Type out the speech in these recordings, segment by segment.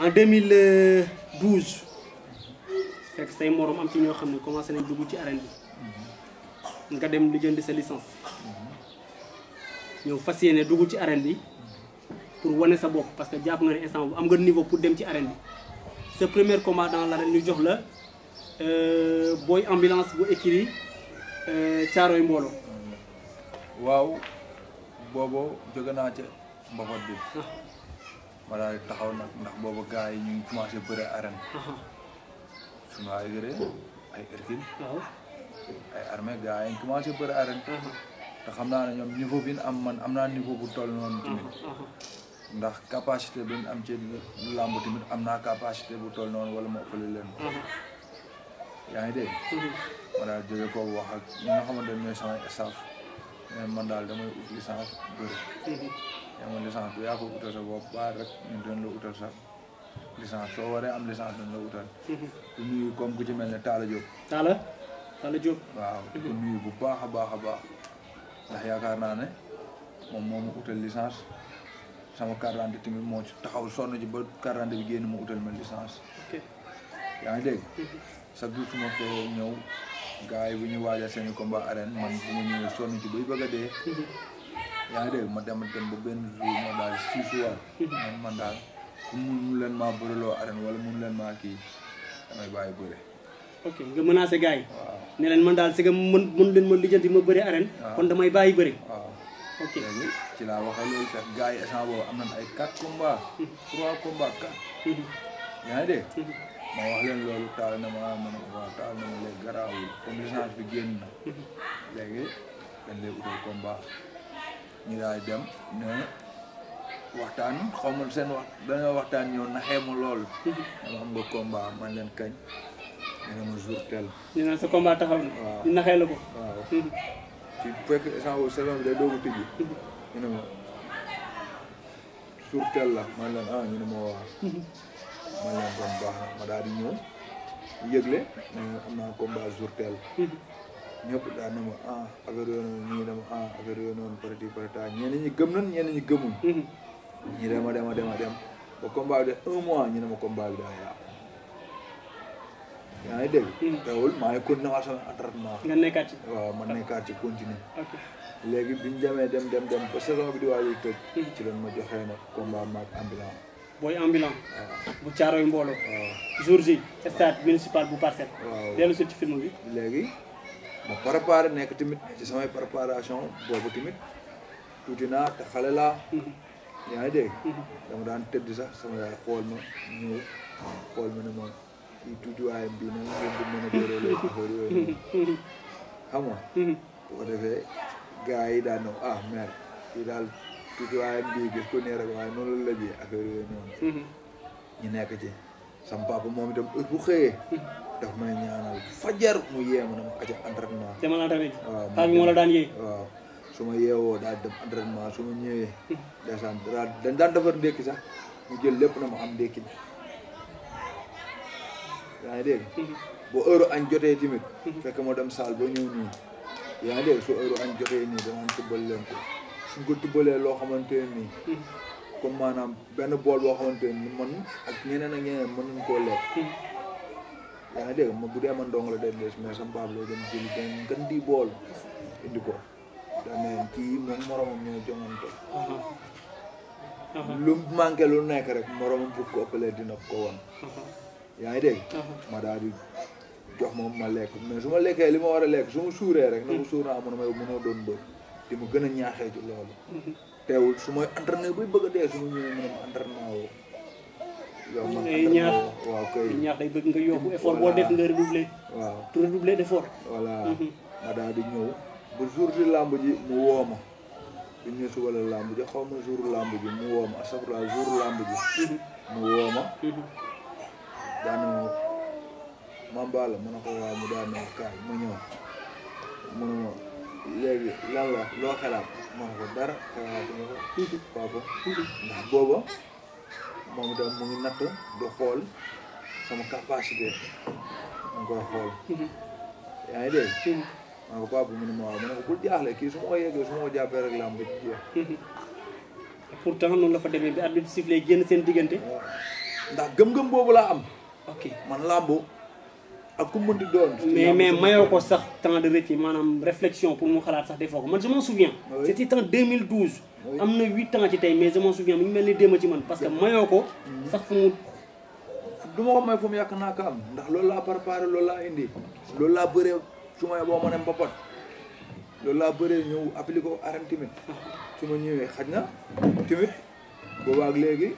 en 2012 c'est say morom am ci ñoo xamné commencé nañ dugg ci arène bi nga dem lijjanti sa licence ñeu fas yéene dugg ci arène bi pour woné sa bopp parce que jàpp nga ni instant am nga niveau pour dem ci arène bi ce premier combat dans l'arène ñu jox la euh, boy ambulance bu écrit euh, caaroy mbolo waaw bobo jóge ci ca bi ah. ma daal taxaw nag ndax boobu gars yi commencé bëre arène. suñu waa Aigre ay Hercule. ay armée gars yi commencé bëre arène. te xam naa ne ñoom niveau bi am man am naa niveau bu tol noonu tamit. ndax capacité bi ñu am ci làmb tamit am naa capacité bu toll noon wala ma ëppale leen ko. yaa ngi dégg. ma daal jóge foofu wax ak ñi ne ñooy samay man daal damay ut licence bëri. yaa ma licence bi yaa ko utal sa bopp baax rek ñu doon utal sa licence soo waree am licence doon la utal ku nuyu comme ku ci mel ne taala Diop Talla Talla Diop waaw ku nuyu bu baax a baax a baax ndax yaakaar naa ne moom moo ma utal licence sama carte d'identité tamit moo taxaw sonn ji ba carte d'identité bi génn mu utal ma licence yaa ngi dégg chaque jour su fee ñëw gars yi bu ñu waajal seeni combat arène man bu ma ñëwee sonn ci bay bëgg a dee yaa ada, madam madam beben rumah ba benn jour ma daal suusuwaat man man daal ku oke, gimana maa bëreloo arène wala mu leen maa kii damay bàyyi bëre ok nga menacé gars yi waaw ne leen man daal si nga mën mën leen ma lijjanti ma nama arène kon damay bàyyi bëre waaw ok léegi ci laa ay ma wax taal na ma taal na bi combat ñu daay dem ne waxtaan xaw ma seen wax dañoo waxtaan ñëw naxee ma lool. dama xam nga combat man leen kañ. ñu ne ma jour tel. ñu naan sa combat taxaw ñu la a tijji. ñu ne ma jour tel la man leen ah ñu ne ma waaw. man leen kon baax na ma daal ñëw yëgle ne am naa combat jour tel. nyop daan na ma ah affaire yooyu noonu ñii dama ah affaire yooyu noonu parati parata ñenn ñi gëm nañ ñenn ñi gëmuñ ñii dama dema dema dem ba combat bi de un mois ñu ne ma combat bi daa yàqu yaa ngi dégg teewul maa ngi continué waa sama entraînement nga nekkaat ci waaw man nekkaat ci continué léegi biñu demee dem dem dem ba saison bi di ci ma combat ambulance ambulance ah. bu caaroy mbooloo ah. jour J stade municipal bu ci film bi ma préparé nekk tamit ci samay préparation boobu tamit tuuti naa te xale laa mm-hmm. yaa ngi mm-hmm. dama daan tëdd sax sama yaay xool ma ñëw xool ma ne ma kii tuuti waaye mbii na ngeen di mën a bëree lay mm-hmm. affaire yooyu xam nga bu ko defee yi daan na ah mère kii daal tuuti waaye rek waaye noonu la lajee affaire yooyu noonu ñu nekk ci sama papa moom itam heure bu xëyee daf may ñaanal fajar mu yeema na aja entraînement te man entraînement waaw xaaj moo la daan yee waaw su dem entraînement su ma ñëwee ndeysaan daal dañ defar sax jël lépp na am ndékki bi yaa ngi dégg añ jotee tamit fekk ma dem saal ba ñëw nii yaa ngi su heure añ jotee nii danaan tubbal leen ko suñ ko tubbalee loo xamante nii comme ni man ak ñeneen ak ñeneen yaa ngi dégg ma bu dee man dong la dem des mais sama baab lay dem jëli benn gën di bool indi ko daneen kii moom moromam ñoo jongante uh-huh. lu manqué lu nekk rek moromam pour ko ëppalee dina ko won uh-huh. yaa ngi dégg uh-huh. ma daal di jox moom ma lekk mais su ma lekkee li ma war a lekk su ma suuree rek na ma suur naa mën a may mënoo doon mbër di ma gën a ñaaxee ci loolu teewul suma may entraîné buy bëgg a dee su ma ñëwee mën a ma ñaax waaw kay ñaax day bëgg nga yokku effort boo def nga redoubler waaw redoubler d'effort voilà ma daal di ñëw ba jour di lamb ji mu woo ma bi ñu su wala lamb ji xaw ma jour lamb ji mu woo ma asabra jour lamb ji mu woo ma daanu ma baal ma ne ko waaw mu daanu kaay ma ñëw mu ne ma léegi lan la loo xalaat ma ne ko dara xalaatuma ko papa ndax booba moom itam mu ngi natt xool sama capacité mu ngi koy xool mm-hmm. yaa mm-hmm. mu ne ma waaw ma ne ko bul jaaxle kii su ma bi jeex mm-hmm. pourtant noonu génn seen diggante ndax gëm-gëm boobu laa am ok man làmbu ak ku mënti doon mais mais mayoo ko sax temps de répit maanaam réflexion pour mu xalaat sax defoo ko man je m'en souviens ah c'était en 2012 am na huit ans ci tey mais je m'en souviens mu mel ni démb ci man parce que ko sax fu mu ma ko may fu naa am ndax loolu laa préparé loolu laa indi loolu laa bëree su ma boo ma ne mbapat loolu laa bëree ñëw appliqué ko arène timit su ma ñëwee xaj na timit boobaak léegi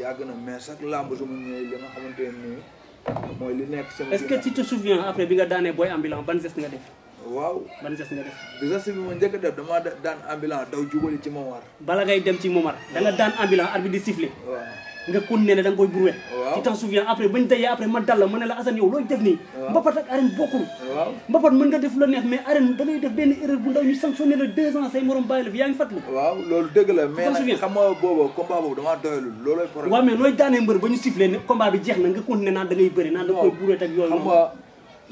yàgg na mais sax làmb su ma ñëwee li nga xamante ne nii mooy nekk sama est-ce que après bi nga daanee booy ambulant ban geste nga def waaw ba des nga def des bi ma njëkk def dama daan ambulance daw jubali ci momar bala ngay dem ci momar da nga daan ambulance di siffler nga kon ne da nga koy broué ci t'en souviens après bañ dayee après ma dal la ma ne la Assane yow looy def nii mbapat ak arène bokkul mbapat mën nga def lu neex mais arène da ngay def benn erreur bu ndaw ñu sanctionné la deux ans say morom bàyyi la fi yaa ngi fàttali waaw loolu dëgg la mais nag xam nga boobu combat boobu damaa doyalul problème waaw mais daanee mbër ba ñu sifflé ne combat bi jeex na nga kon ne naan da ngay bëri naan da koy ak yooyu ya, xam nga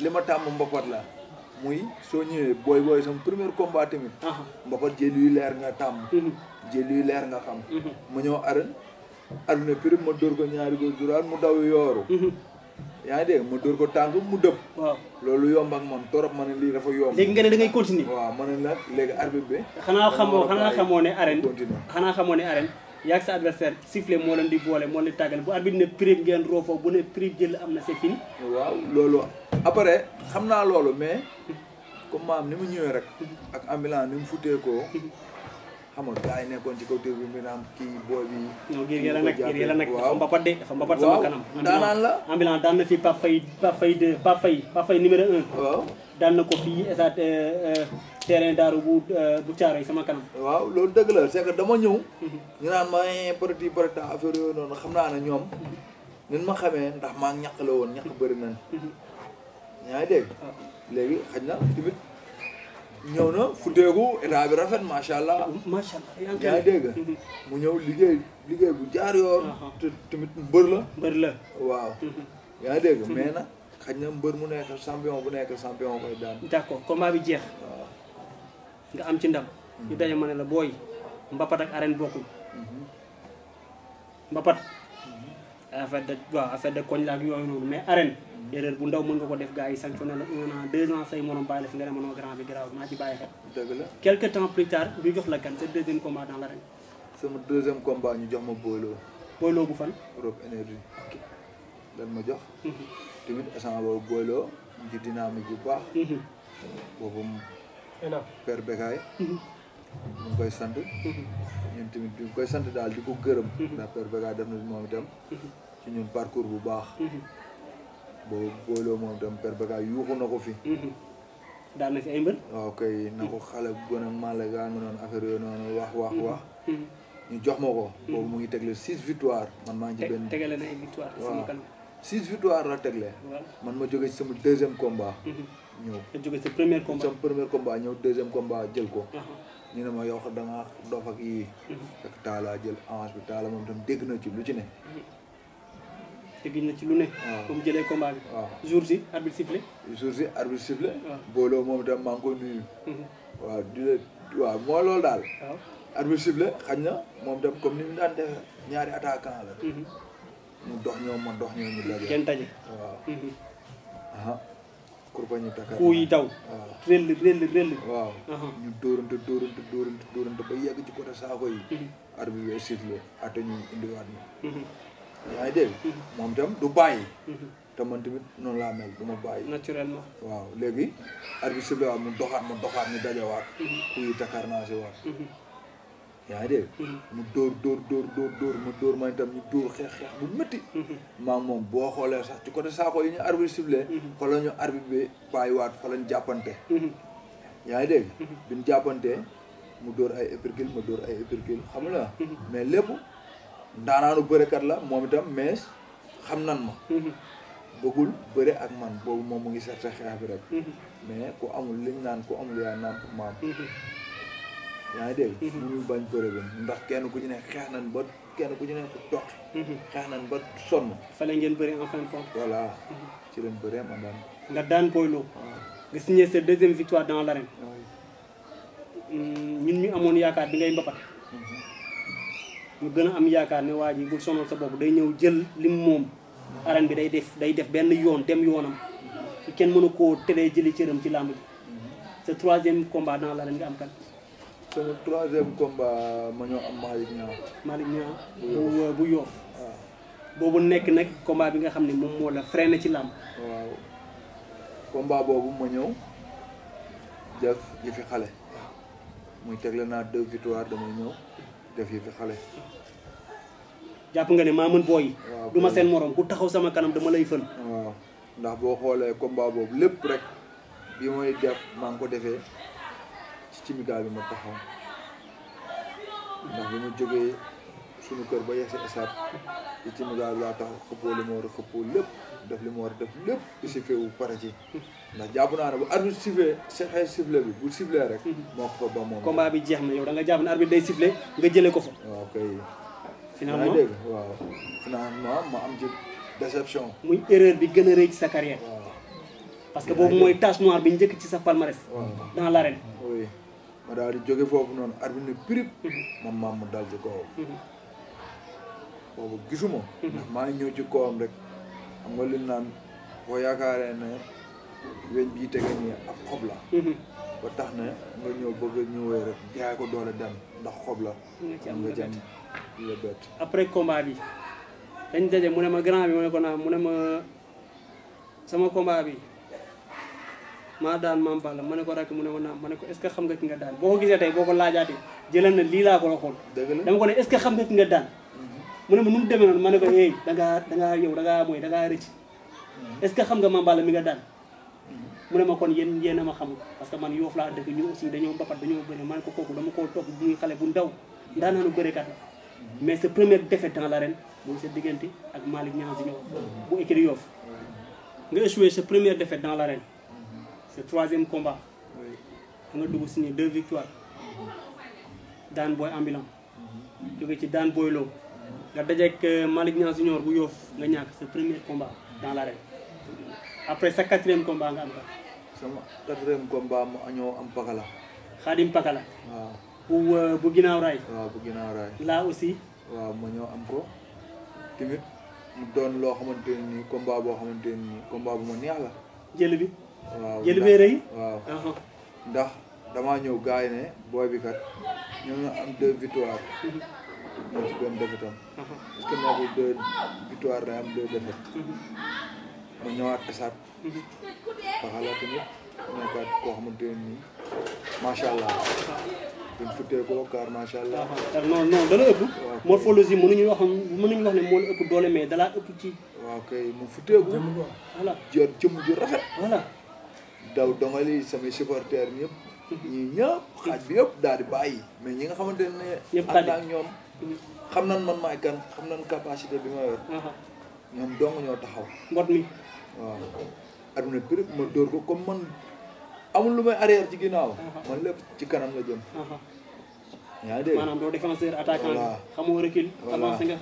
li ma tàmm mbapat la muy soo ñëwee booy booy sama premier combat tamit. mbapat jël yu leer nga tàmm. Mhm. jël yu leer nga xam. Mhm. ma ñëw arène arène prime ma dóor ko ñaari góor duraan mu daw yooru. Mhm. yaa ngi dégg ma dóor ko tànk mu dëpp. waaw loolu yomb ak man torop ma ne lii dafa yomb. léegi nga ne da ngay continuer. waaw ma ne nag léegi arbitre bi. xanaa xamoo xanaa xamoo ne arène. continuer xanaa xamoo ne arène. yaa sa adversaire sifflet moo leen di boole moo leen di tàggal bu arbitre ne prime ngeen roofoo bu ne prime jël am na c'est fini. waaw loolu. après xam naa loolu mais comme am ni mu ñëwee rek ak ambulance ni mu futteekoo xam nga nekkoon ci côté bi mi naam bi Guirguel la nekk Guirguel la nekk dafa mbapat de dafa mbapat sama kanam daanaan la ambulance daan na fi Pape Faye Pape Faye deux Pape ko fii stade euh, euh, terrain daaru bu euh, sama kanam waaw loolu dëgg dama ñëw mhm. ñu eh, affaire xam naa ne ñoom nin ma xamee ndax maa ngi la woon ñàkk bëri nañ mhm. yaa ngi dégg léegi xaj na tamit ñëw na futeeku état bi rafet macha allah. macha allah yaa ngi dégg mu ñëw liggéey liggéey bu jaar yoon. te tamit mbër la. mbër la waaw. yaa ngi dégg mais nag xaj na mbër mu nekk champion bu nekk champion koy daan. d'accord combat bi jeex. waaw nga am ci ndam. ñu daje ma la booy mbapat ak arène bokkul. mbapat. affaire de waaw affaire de koñ la ak yooyu noonu mais arène. erreur bu ndaw mën nga ko def gars yi sanctionné la un an deux ans say morom bàyyi la fi nga ne mënoo grand bi garaaw kan sa deuxième sama deuxième combat ñu jox ma booloo. booloo bu fan. Europe lan ma jox. Mhm. tamit instant boobu booloo mu ci bu baax. Mhm. boobu mu. père ñu mhm. ngi koy sant. ñun tamit ñu ngi sant daal di ko gërëm. ndax père Bekaay def na moom itam. ci ñun parcours bu baax. boo booloo moom tam per baka yuuxu na ko fi mhm. daan na fi ay mbër ah, ko xale bu gën a malaga noonu affaire yooyu noonu wax wax mhm. wax mhm. ñu jox ma ko boobu mu ngi tegle six victoire man maa ngi ci benn tegale na ay victoire six victoire la man ma jóge ci sama deuxième combat ñëw nga jóge sa ñëw deuxième combat jël ko ñu ne ma yow danga nga dof ak yii fekk jël avance bi taala moom tam dégg na ci lu ci ne te gis na ci lu ne. waaw ah. ba mu jëlee combat bi. waaw ah. jour si arbitre sifflé. jour si arbitre sifflé. waaw ah. booloo moom itam maa ngi nuyu. Mhm. waaw di la waaw moo loolu arbitre sifflé xañ na moom comme ni mu daan defee ñaari attaquant la. Mhm. mu dox ñoom ma dox ñoom ñu lajjee. kenn taje waaw. Mhm. kurbañu Dakar kuu yi daw. waaw rëll rëll rëll. ñu dóorante dóorante dóorante dóorante ba yegg ci côté saako yi. arbitre sifflé yaa ngi mm-hmm. moom itam du bàyyi mm-hmm. te man tamit noonu laa mel du ma bàyyi naturellement waaw léegi arbitre sibla waat mu doxaat mu doxaat ñu dajawaat mm-hmm. kuy takar naa si waat yaa ngi mu dóor dóor dóor dóor dóor mu dóor man itam ñu dóor xeex xeex bu métti maa moom boo xoolee sax ci côté saako yi ñu arbitre sible fa la ñu arbitre bi bàyyiwaat fa lañ jàppante yaa ngi dégg bi ñu jàppantee mu dóor ay épércule mu dóor ay épércule xam nga mais lépp daanaanu kat la moom itam mais xam nan ma mhm. bëggul bëre ak man boobu moom mu ngi serte xeex bi rek mais ku amul liñ naan ku amul yaa nàmp maam mhm. yaa ngi dégg mënul mhm. bañ bëre bi ndax kenn ku ci ne xeex nan ba kenn ku ci ne toqi xeex nan ba sonn fa bëri en fin de ci lañ bëree ma daan nga daan Boy Lo ah. nga signé sa deuxième victoire dans l'arène ah mm, ñun ñu amoon yaakaar bi ngay lu gën a am yaakaar ne waa ji bu sonal sa day ñëw jël lim moom arène bi day def day def benn yoon dem yoonam kenn mënu ko teree jëli cëram ci làmb bi sa troisième combat la l'arène nga am kat sa troisième combat ma ñoo bu bu yoof boobu nekk nag combat bi nga xam ne moom moo la freiné ci làmb waaw combat boobu ma ñëw def yi fi xale muy tegle naa deux victoires damay ñëw def yi fi xale jàpp nga ne maa mën booy du ma seen moroom ku taxaw sama kanam dama lay fën ndax boo xoolee combat boobu lépp rek bi mooy def maa ngi ko defee ci cimikaay bi ma taxaw ndax bi ma jógee suñu kër ba yegg si esaat ci cimikaay bi laa taxaw xëppoo li ma war xëppoo lépp def li ma war a def lépp si feewu pare ci ndax jàpp naa ne bu arbitre sifflé xeex sifflé bi bu sifflé rek. Mhm. moo ko fa ba moom. combat bi jeex na yow da nga jàpp ne arbitre day sifflé nga jëlee ko fa. waaw kay. finalement yaa dégg waaw. bi gën a ci sa carrière. parce mooy tache bi njëkk ci sa palmarès. dans l'arène. oui di jóge foofu noonu arbitre ni prip. moom maam mu dal ci kawam. Mhm. Mhm. maa ñëw ci rek xam nga naan boo yaakaaree ne. weñ bii tege nii ab xob la mhm. ba tax na nga ñëw bëgg ñëwee rek jaay ko doole dem ndax xob la nga jam la bett après combat bi dañ daje mu ne ma grand bi ma ne mu ne ma sama combat bi maa daan ko rakk mu ne ma ko est xam nga ki nga daan boo ko gisee tey boo ko laajaatee jëlal na lii laa ko la xool dama ko ne est ce que xam nga ki nga daan mhm. mu ne ma nu mu demee noonu ma ne ko hey eh, dangaa dangaa yow dangaa mooy dangaa rëcc mhm. est ce que xam nga maam Balla mi nga daan mu ne ma kon yéen yéen a ma xam parce que man yoofu laa dëkk ñu aussi dañoo mbapat dañoo bëri man ko kooku dama koo toog bu muy xale bu ndaw ndaanaanu bërekat la mais sa premier défaite dans l'arène mooy sa diggante ak Malick Niang Junior bu écrit Yoff nga échoué sa première défaite dans l'arène sa troisième combat nga dugg signé deux victoires daan Boy ambulant jóge ci daan booy loo nga dajeek euh, Malick Niang Junior bu Yoff nga ñàkk sa premier combat dans l'arène après sa quatrième combat nga am ka sama quatrième combat mu anyo am pakala xaadim pakala waaw bu bu ginnaaw raay waaw bu ginnaaw raay là aussi waaw ma ñëw am ko timit mu doon loo xamante ni combat boo xamante ni combat bu ma neex la jël bi waaw jël bee rëy waaw ndax damaa ñëw gars ne bi kat am deux victoire moo mhm. ci benn defetam parce que nekkul deux victoire am deux défaite mhm. mu ñëwaat esaat. Pakala tamit nekkaat koo xamante ne nii macha allah. duñ futteekoo car macha allah. Ah, ah, non dana ëpp. morphologie mënuñu wax mënuñu wax ne moo la ëpp doole mais dalaa ëpp ci. waaw kay mu futteeku. voilà jot ju rafet. voilà daw dongali samay supporters ñëpp. ñëpp xaaj bi yëpp daal di bàyyi. mais ñi nga xamante ne. ñëpp ñoom. xam nan man maay kan xam nan capacité bi ma yor. Ah, ñoom dong ñoo taxaw. waaw adduna bi ma dóor ko comme man amul lu may arrière ci ginnaaw. Uh-huh. man lépp ci kanam la jëm. Uh-huh. yaa ngi dégg maanaam